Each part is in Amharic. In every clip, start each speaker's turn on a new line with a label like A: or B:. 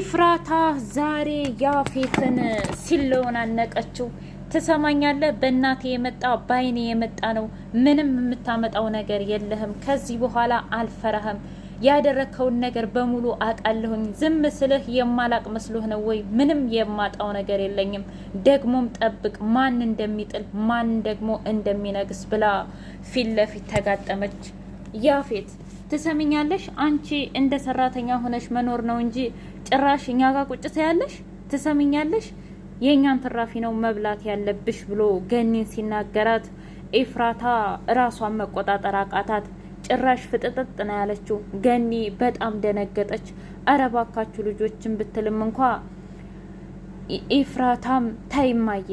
A: ኤፍራታ ዛሬ ያፌትን ሲለውን አነቀችው። ትሰማኛለህ? በእናቴ የመጣ በአይኔ የመጣ ነው። ምንም የምታመጣው ነገር የለህም። ከዚህ በኋላ አልፈራህም። ያደረግከውን ነገር በሙሉ አውቃለሁኝ። ዝም ስልህ የማላቅ መስሎህ ነው ወይ? ምንም የማጣው ነገር የለኝም። ደግሞም ጠብቅ፣ ማን እንደሚጥል ማን ደግሞ እንደሚነግስ ብላ ፊት ለፊት ተጋጠመች ያፌት ትሰሚኛለሽ? አንቺ እንደ ሰራተኛ ሆነሽ መኖር ነው እንጂ ጭራሽ እኛ ጋር ቁጭ ትያለሽ። ትሰሚኛለሽ? የእኛን ትራፊ ነው መብላት ያለብሽ ብሎ ገኒን ሲናገራት ኤፍራታ እራሷን መቆጣጠር አቃታት። ጭራሽ ፍጥጥጥ ነው ያለችው። ገኒ በጣም ደነገጠች። እረ ባካችሁ ልጆችን ብትልም እንኳ ኤፍራታም ታይማዬ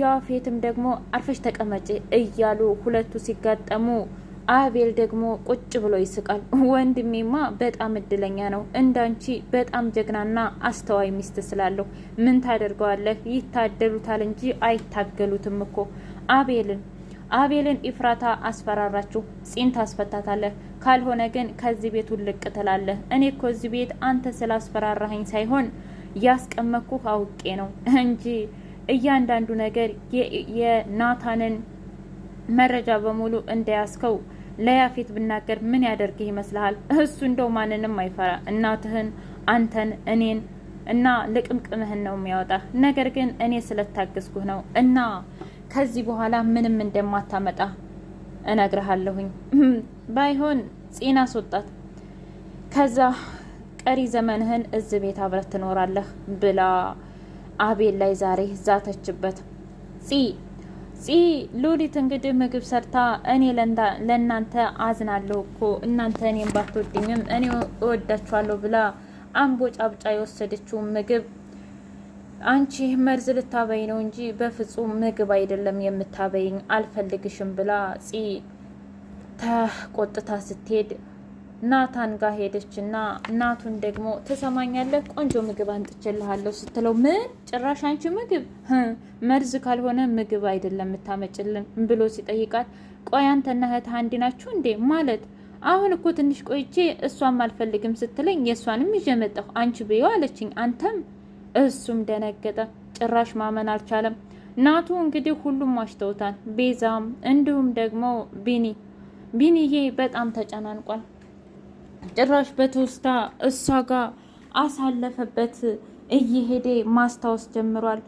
A: የዋፌትም ደግሞ አርፈሽ ተቀመጭ እያሉ ሁለቱ ሲጋጠሙ አቤል ደግሞ ቁጭ ብሎ ይስቃል። ወንድሜማ በጣም እድለኛ ነው እንዳንቺ በጣም ጀግናና አስተዋይ ሚስት ስላለሁ። ምን ታደርገዋለህ? ይታደሉታል እንጂ አይታገሉትም እኮ አቤልን አቤልን ኢፍራታ አስፈራራችሁ። ጺን ታስፈታታለህ፣ ካልሆነ ግን ከዚህ ቤት ውልቅ ትላለህ። እኔ እኮ እዚህ ቤት አንተ ስላስፈራራኸኝ ሳይሆን ያስቀመጥኩህ አውቄ ነው እንጂ እያንዳንዱ ነገር የናታንን መረጃ በሙሉ እንደያዝከው ለያፌት ብናገር ምን ያደርግህ ይመስልሃል? እሱ እንደው ማንንም አይፈራ። እናትህን፣ አንተን፣ እኔን እና ልቅምቅምህን ነው የሚያወጣ። ነገር ግን እኔ ስለታገዝኩህ ነው እና ከዚህ በኋላ ምንም እንደማታመጣ እነግርሃለሁኝ። ባይሆን ፂና አስወጣት፣ ከዛ ቀሪ ዘመንህን እዚህ ቤት አብረት ትኖራለህ ብላ አቤል ላይ ዛሬ ዛተችበት። ፂ ፂ ሉሊት እንግዲህ ምግብ ሰርታ እኔ ለእናንተ አዝናለሁ እኮ እናንተ እኔም ባትወድኝም እኔ እወዳችኋለሁ ብላ አምቦ ጫብጫ የወሰደችውን ምግብ አንቺ መርዝ ልታበይ ነው እንጂ በፍጹም ምግብ አይደለም የምታበይኝ፣ አልፈልግሽም ብላ ፂ ተቆጥታ ስትሄድ ናታን ጋር ሄደች እና ናቱን ደግሞ ትሰማኛለህ፣ ቆንጆ ምግብ አንጥቼልሃለሁ ስትለው ምን ጭራሽ አንቺ ምግብ መርዝ ካልሆነ ምግብ አይደለም የምታመጭልን ብሎ ሲጠይቃት፣ ቆይ አንተና እህትህ አንድ ናችሁ እንዴ? ማለት አሁን እኮ ትንሽ ቆይቼ እሷም አልፈልግም ስትለኝ የእሷንም ይዤ መጣሁ አንቺ ብዬ አለችኝ። አንተም እሱም ደነገጠ፣ ጭራሽ ማመን አልቻለም። ናቱ እንግዲህ ሁሉም ዋሽተውታል፣ ቤዛም እንዲሁም ደግሞ ቢኒ ቢኒዬ በጣም ተጨናንቋል። ጭራሽ በትውስታ እሷ ጋር አሳለፈበት እየሄደ ማስታወስ ጀምሯል።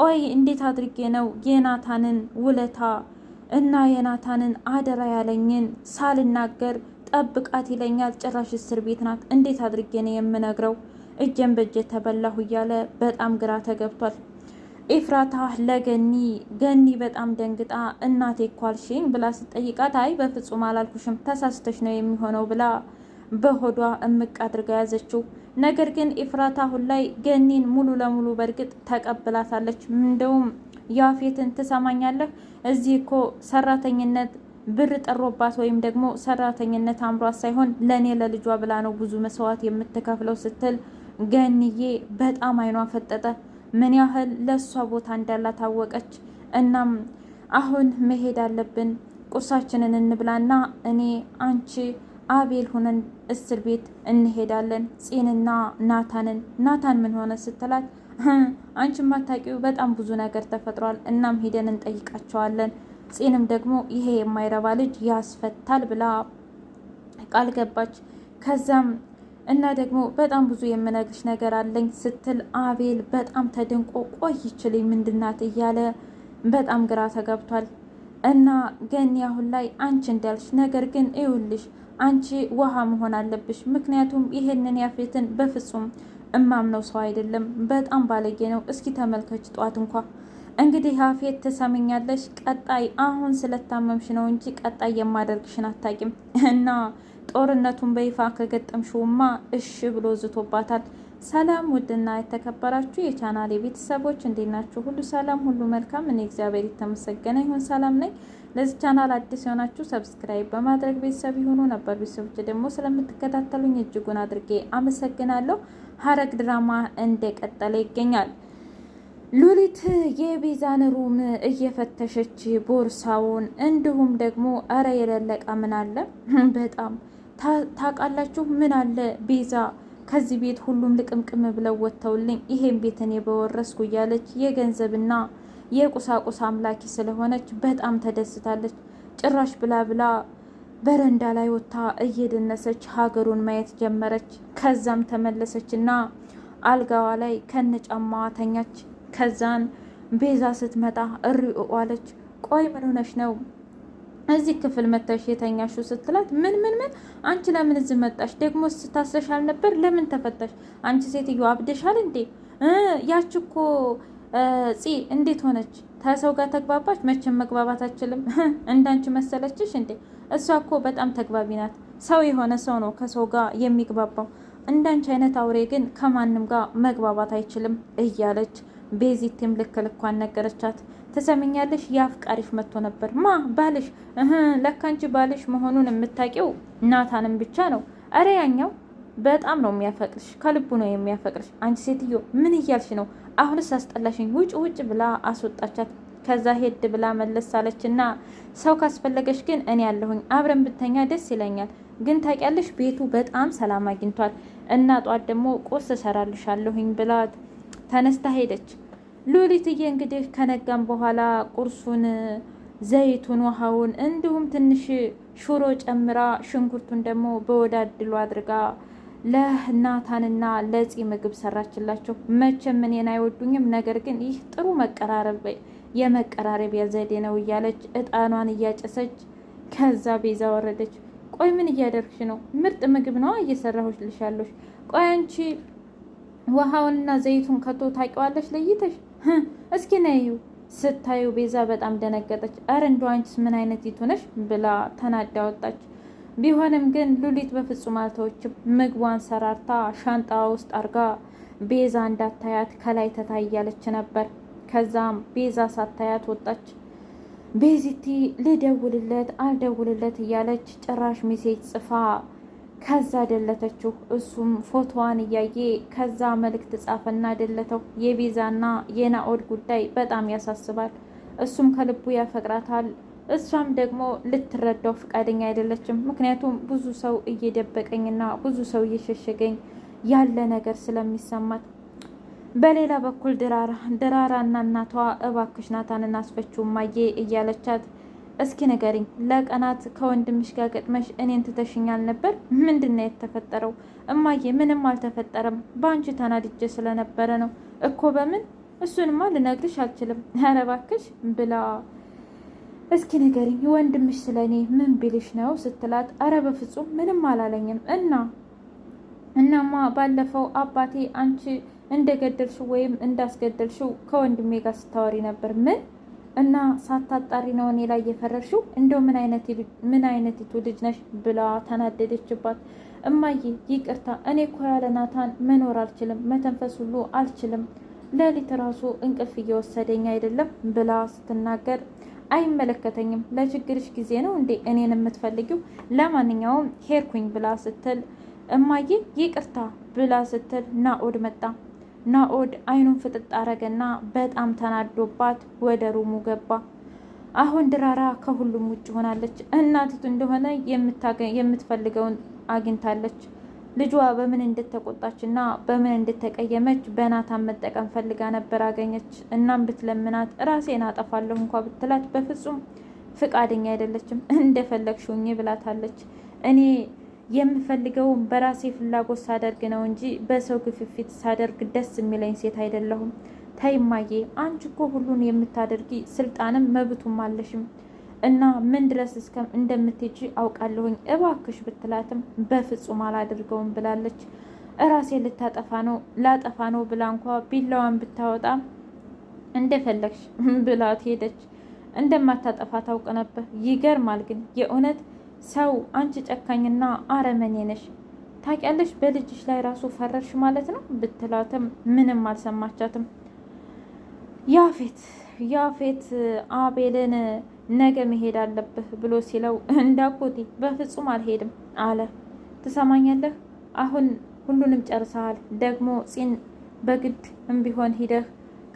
A: ቆይ እንዴት አድርጌ ነው የናታንን ውለታ እና የናታንን አደራ ያለኝን ሳልናገር ጠብቃት ይለኛል። ጭራሽ እስር ቤት ናት። እንዴት አድርጌ ነው የምነግረው? እጄን በእጄ ተበላሁ እያለ በጣም ግራ ተገብቷል። ኤፍራታ ለገኒ ገኒ በጣም ደንግጣ እናቴ ኳልሽኝ ብላ ስጠይቃት አይ በፍጹም አላልኩሽም ተሳስተሽ ነው የሚሆነው ብላ በሆዷ እምቅ አድርጋ ያዘችው። ነገር ግን ኢፍራት አሁን ላይ ገኒን ሙሉ ለሙሉ በእርግጥ ተቀብላታለች። እንደውም ያፌትን ትሰማኛለህ፣ እዚህ እኮ ሰራተኝነት ብር ጠሮባት ወይም ደግሞ ሰራተኝነት አምሯት ሳይሆን ለእኔ ለልጇ ብላ ነው ብዙ መስዋዕት የምትከፍለው ስትል ገንዬ በጣም አይኗ ፈጠጠ። ምን ያህል ለእሷ ቦታ እንዳላት ታወቀች። እናም አሁን መሄድ አለብን፣ ቁርሳችንን እንብላና እኔ አንቺ አቤል ሆነን እስር ቤት እንሄዳለን። ፂንና ናታንን ናታን ምን ሆነ ስትላት አንቺ ማታቂው በጣም ብዙ ነገር ተፈጥሯል። እናም ሄደን እንጠይቃቸዋለን። ፂንም ደግሞ ይሄ የማይረባ ልጅ ያስፈታል ብላ ቃል ገባች። ከዛም እና ደግሞ በጣም ብዙ የምነግርሽ ነገር አለኝ ስትል አቤል በጣም ተደንቆ ቆይ ይችልኝ ምንድናት እያለ በጣም ግራ ተገብቷል እና ገኒ አሁን ላይ አንቺ እንዳልሽ ነገር ግን ይውልሽ አንቺ ውሃ መሆን አለብሽ። ምክንያቱም ይሄንን ያፌትን በፍጹም እማምነው ሰው አይደለም። በጣም ባለጌ ነው። እስኪ ተመልከች ጠዋት እንኳ እንግዲህ ያፌት ትሰምኛለሽ፣ ቀጣይ አሁን ስለታመምሽ ነው እንጂ ቀጣይ የማደርግሽን አታቂም እና ጦርነቱን በይፋ ከገጠምሽውማ እሺ ብሎ ዝቶባታል። ሰላም ውድና የተከበራችሁ የቻናል ቤተሰቦች እንዴት ናችሁ? ሁሉ ሰላም፣ ሁሉ መልካም። እኔ እግዚአብሔር የተመሰገነ ይሁን ሰላም ነኝ። ለዚህ ቻናል አዲስ የሆናችሁ ሰብስክራይብ በማድረግ ቤተሰብ ይሁኑ። ነበር ቤተሰቦች ደግሞ ስለምትከታተሉኝ እጅጉን አድርጌ አመሰግናለሁ። ሐረግ ድራማ እንደቀጠለ ይገኛል። ሉሊት የቤዛን ሩም እየፈተሸች ቦርሳውን፣ እንዲሁም ደግሞ እረ የለለቀ ምን አለ በጣም ታውቃላችሁ፣ ምን አለ ቤዛ ከዚህ ቤት ሁሉም ልቅምቅም ብለው ወጥተውልኝ ይሄን ቤት እኔ በወረስኩ እያለች የገንዘብና የቁሳቁስ አምላኪ ስለሆነች በጣም ተደስታለች። ጭራሽ ብላ ብላ በረንዳ ላይ ወጥታ እየደነሰች ሀገሩን ማየት ጀመረች። ከዛም ተመለሰችና አልጋዋ ላይ ከነጫማዋ ተኛች። ከዛን ቤዛ ስትመጣ እሪ አለች። ቆይ ምን ሆነሽ ነው እዚህ ክፍል መታሽ የተኛሹ ስትላት ምን ምን ምን አንቺ ለምን እዚህ መጣሽ? ደግሞ ስታስረሻል ነበር ለምን ተፈታሽ? አንቺ ሴትዮ አብደሻል እንዴ? ያች እኮ ፂ እንዴት ሆነች? ከሰው ጋር ተግባባች? መቼም መግባባት አችልም። እንዳንቺ መሰለችሽ እንዴ? እሷ እኮ በጣም ተግባቢ ናት። ሰው የሆነ ሰው ነው ከሰው ጋር የሚግባባው። እንዳንቺ አይነት አውሬ ግን ከማንም ጋር መግባባት አይችልም እያለች ቤዚቲም ልክ ልኳን ነገረቻት። ትሰሚኛለሽ? የአፍቃሪሽ መጥቶ ነበር። ማ ባልሽ? ለካ አንቺ ባልሽ መሆኑን የምታውቂው ናታንም ብቻ ነው። አረ ያኛው በጣም ነው የሚያፈቅርሽ፣ ከልቡ ነው የሚያፈቅርሽ። አንቺ ሴትዮ ምን እያልሽ ነው? አሁንስ አስጠላሽኝ። ውጭ ውጭ ብላ አስወጣቻት። ከዛ ሄድ ብላ መለስ አለች እና ሰው ካስፈለገሽ ግን እኔ ያለሁኝ አብረን ብተኛ ደስ ይለኛል። ግን ታውቂያለሽ ቤቱ በጣም ሰላም አግኝቷል እና ጧት ደግሞ ቁርስ እሰራልሻለሁኝ ብላት ተነስታ ሄደች። ሉሊትዬ እንግዲህ ከነጋም በኋላ ቁርሱን፣ ዘይቱን፣ ውሃውን እንዲሁም ትንሽ ሹሮ ጨምራ ሽንኩርቱን ደግሞ በወዳድሉ አድርጋ ለናታንና ለፂ ምግብ ሰራችላቸው። መቼም እኔን አይወዱኝም፣ ነገር ግን ይህ ጥሩ መቀራረብ የመቀራረቢያ ዘዴ ነው እያለች እጣኗን እያጨሰች ከዛ ቤዛ ወረደች። ቆይ ምን እያደርግሽ ነው? ምርጥ ምግብ ነው እየሰራሁሽ ልሻለሽ። ቆይ አንቺ ውሃውንና ዘይቱን ከቶ ታውቂዋለሽ ለይተሽ እስኪ ነይው ስታዩ ቤዛ በጣም ደነገጠች። አረ እንደ አንቺስ ምን አይነት ይቱነሽ ብላ ተናዳ ወጣች። ቢሆንም ግን ሉሊት በፍጹም አልተወችም። ምግቧን ሰራርታ ሻንጣ ውስጥ አርጋ ቤዛ እንዳታያት ከላይ ተታያለች ነበር። ከዛም ቤዛ ሳታያት ወጣች። ቤዚቲ ልደውልለት አልደውልለት እያለች ጭራሽ ሜሴጅ ጽፋ ከዛ ደለተችው። እሱም ፎቶዋን እያየ ከዛ መልእክት ጻፈና ደለተው። የቤዛና የናኦድ ጉዳይ በጣም ያሳስባል። እሱም ከልቡ ያፈቅራታል። እሷም ደግሞ ልትረዳው ፈቃደኛ አይደለችም። ምክንያቱም ብዙ ሰው እየደበቀኝና ብዙ ሰው እየሸሸገኝ ያለ ነገር ስለሚሰማት። በሌላ በኩል ድራራ ድራራና እናቷ እባክሽ ናታን አስፈችው ማየ እያለቻት እስኪ ንገሪኝ፣ ለቀናት ከወንድምሽ ጋር ገጥመሽ እኔን ትተሽኛል ነበር። ምንድን ነው የተፈጠረው? እማዬ፣ ምንም አልተፈጠረም። በአንቺ ተናድጄ ስለነበረ ነው እኮ። በምን? እሱንማ ልነግርሽ አልችልም። ኧረ እባክሽ ብላ እስኪ ንገሪኝ፣ ወንድምሽ ስለ እኔ ምን ቢልሽ ነው ስትላት፣ ኧረ በፍጹም ምንም አላለኝም። እና እናማ ባለፈው አባቴ አንቺ እንደገደልሽው ወይም እንዳስገደልሽው ከወንድሜ ጋር ስታወሪ ነበር። ምን እና ሳታጣሪ ነው እኔ ላይ የፈረድሽው? እንደው ምን አይነቲቱ ልጅ ነሽ ብላ ተናደደችባት። እማዬ ይቅርታ፣ እኔ እኮ ያለ ናታን መኖር አልችልም፣ መተንፈስ ሁሉ አልችልም፣ ሌሊት ራሱ እንቅልፍ እየወሰደኝ አይደለም ብላ ስትናገር አይመለከተኝም፣ ለችግርሽ ጊዜ ነው እንዴ እኔን የምትፈልጊው? ለማንኛውም ሄድኩኝ ብላ ስትል እማዬ ይቅርታ ብላ ስትል ናኦድ መጣ። ናኦድ አይኑን ፍጥጥ አረገና በጣም ተናዶባት ወደ ሩሙ ገባ። አሁን ድራራ ከሁሉም ውጭ ሆናለች። እናትቱ እንደሆነ የምትፈልገውን አግኝታለች። ልጇ በምን እንደተቆጣች እና በምን እንደተቀየመች በናታን መጠቀም ፈልጋ ነበር አገኘች። እናም ብትለምናት ራሴን አጠፋለሁ እንኳ ብትላት በፍጹም ፍቃደኛ አይደለችም። እንደፈለግሽኝ ብላታለች። እኔ የምፈልገውን በራሴ ፍላጎት ሳደርግ ነው እንጂ በሰው ክፍፊት ሳደርግ ደስ የሚለኝ ሴት አይደለሁም። ተይማዬ አንቺ እኮ ሁሉን የምታደርጊ ስልጣንም መብቱም አለሽም እና ምን ድረስ እስከ እንደምትሄጂ አውቃለሁኝ እባክሽ ብትላትም በፍጹም አላደርገውም ብላለች። እራሴ ልታጠፋ ነው ላጠፋ ነው ብላ እንኳ ቢላዋን ብታወጣ እንደፈለግሽ ብላት ሄደች። እንደማታጠፋ ታውቅ ነበር። ይገርማል ግን የእውነት ሰው አንቺ ጨካኝና አረመኔ ነሽ ታውቂያለሽ፣ በልጅሽ ላይ ራሱ ፈረርሽ ማለት ነው ብትላትም ምንም አልሰማቻትም። ያፌት ያፌት አቤልን ነገ መሄድ አለብህ ብሎ ሲለው እንዳኮቴ በፍጹም አልሄድም አለ። ትሰማኛለህ? አሁን ሁሉንም ጨርሰሃል። ደግሞ ፂን በግድ እምቢሆን ሂደህ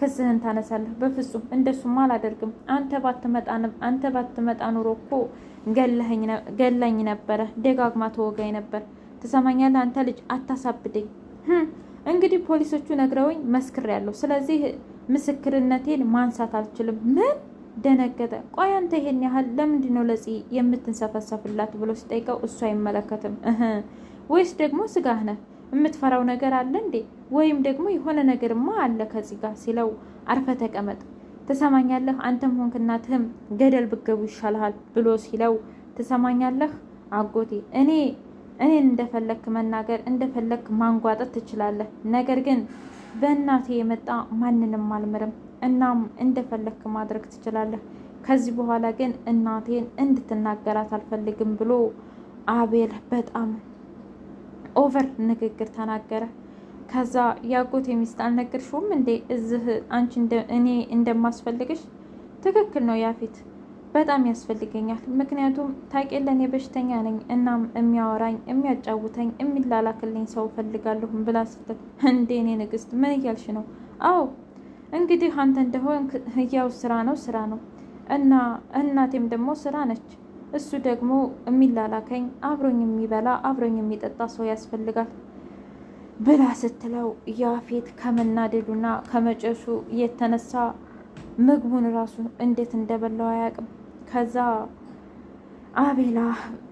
A: ክስህን ታነሳለህ። በፍጹም እንደሱም አላደርግም። አንተ ባትመጣንም አንተ ባትመጣ ኑሮ እኮ ገላኝ ነበረ፣ ደጋግማ ተወጋኝ ነበር። ትሰማኛለህ? አንተ ልጅ አታሳብደኝ። እንግዲህ ፖሊሶቹ ነግረውኝ መስክሬያለሁ። ስለዚህ ምስክርነቴን ማንሳት አልችልም። ምን ደነገጠ። ቆይ አንተ ይሄን ያህል ለምንድን ነው ለጽ የምትንሰፈሰፍላት ብሎ ሲጠይቀው እሱ አይመለከትም ወይስ ደግሞ ስጋህ ነህ የምትፈራው ነገር አለ እንዴ? ወይም ደግሞ የሆነ ነገርማ አለ ከዚህ ጋር ሲለው፣ አርፈ ተቀመጥ ትሰማኛለህ፣ አንተም ሆንክ እናትህም ገደል ብገቡ ይሻልሃል ብሎ ሲለው፣ ትሰማኛለህ አጎቴ እኔ እኔን እንደፈለክ መናገር እንደፈለክ ማንጓጠት ትችላለህ፣ ነገር ግን በእናቴ የመጣ ማንንም አልምርም። እናም እንደፈለክ ማድረግ ትችላለህ። ከዚህ በኋላ ግን እናቴን እንድትናገራት አልፈልግም ብሎ አቤል በጣም ኦቨር ንግግር ተናገረ። ከዛ ያጎቴ ሚስት አልነገርሽውም እንዴ? እዚህ አንቺ እኔ እንደማስፈልግሽ ትክክል ነው ያፌት፣ በጣም ያስፈልገኛል። ምክንያቱም ታውቂያለሽ እኔ በሽተኛ ነኝ። እናም የሚያወራኝ የሚያጫውተኝ፣ የሚላላክልኝ ሰው እፈልጋለሁም ብላ ስትል እንዴ እኔ ንግስት ምን እያልሽ ነው? አዎ እንግዲህ አንተ እንደሆን ያው ስራ ነው ስራ ነው እና እናቴም ደግሞ ስራ ነች እሱ ደግሞ የሚላላከኝ አብሮኝ የሚበላ አብሮኝ የሚጠጣ ሰው ያስፈልጋል ብላ ስትለው ያፌት ከመናደዱና ከመጨሱ የተነሳ ምግቡን ራሱ እንዴት እንደበላው አያውቅም። ከዛ አቤላ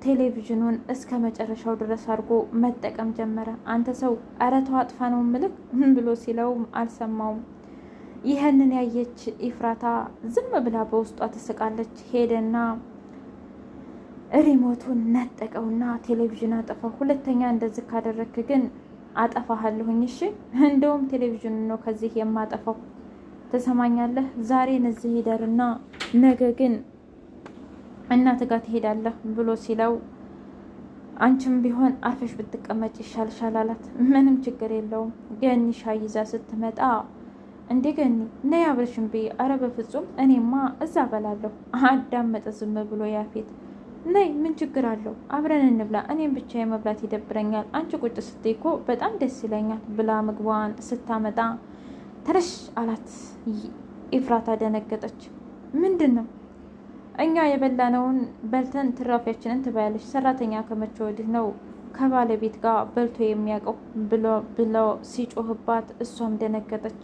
A: ቴሌቪዥኑን እስከ መጨረሻው ድረስ አድርጎ መጠቀም ጀመረ። አንተ ሰው ኧረ አጥፋ ነው ምልክ ብሎ ሲለውም አልሰማውም። ይህንን ያየች ኢፍራታ ዝም ብላ በውስጧ ትስቃለች። ሄደና ሪሞቱን ነጠቀውና ቴሌቪዥን አጠፋው። ሁለተኛ እንደዚህ ካደረክ ግን አጠፋሃለሁኝ። እሺ እንደውም ቴሌቪዥን ነው ከዚህ የማጠፋው። ትሰማኛለህ? ዛሬን እዚህ ሂደርና ነገ ግን እናት ጋር ትሄዳለህ ብሎ ሲለው አንቺም ቢሆን አርፈሽ ብትቀመጭ ይሻልሻል አላት። ምንም ችግር የለውም ገኒ ሻይ ይዛ ስትመጣ እንዴ ገኒ ነይ አብረሽን ብዬ፣ ኧረ በፍጹም እኔማ እዛ በላለሁ አዳመጠ ዝም ብሎ ያፌት ነይ፣ ምን ችግር አለው? አብረን እንብላ። እኔም ብቻ የመብላት ይደብረኛል። አንቺ ቁጭ ስትይ እኮ በጣም ደስ ይለኛል ብላ ምግቧን ስታመጣ ተረሽ አላት። ኤፍራታ ደነገጠች። ምንድን ነው? እኛ የበላነውን በልተን ትራፊያችንን ትበያለች። ሰራተኛ ከመቼ ወዲህ ነው ከባለቤት ጋር በልቶ የሚያውቀው ብሎ ሲጮህባት እሷም ደነገጠች።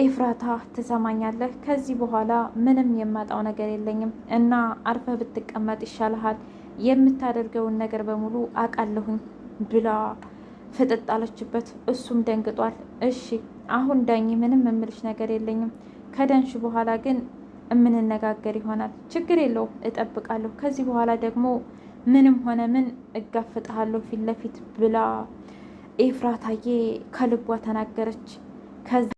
A: ኤፍራታ ትሰማኛለህ፣ ከዚህ በኋላ ምንም የማጣው ነገር የለኝም እና አርፈ ብትቀመጥ ይሻልሃል። የምታደርገውን ነገር በሙሉ አውቃለሁኝ ብላ ፍጥጥ አለችበት። እሱም ደንግጧል። እሺ አሁን ዳኝ፣ ምንም የምልሽ ነገር የለኝም። ከዳንሽ በኋላ ግን የምንነጋገር ይሆናል። ችግር የለውም፣ እጠብቃለሁ። ከዚህ በኋላ ደግሞ ምንም ሆነ ምን እጋፍጥሃለሁ ፊት ለፊት ብላ ኤፍራታዬ ከልቧ ተናገረች።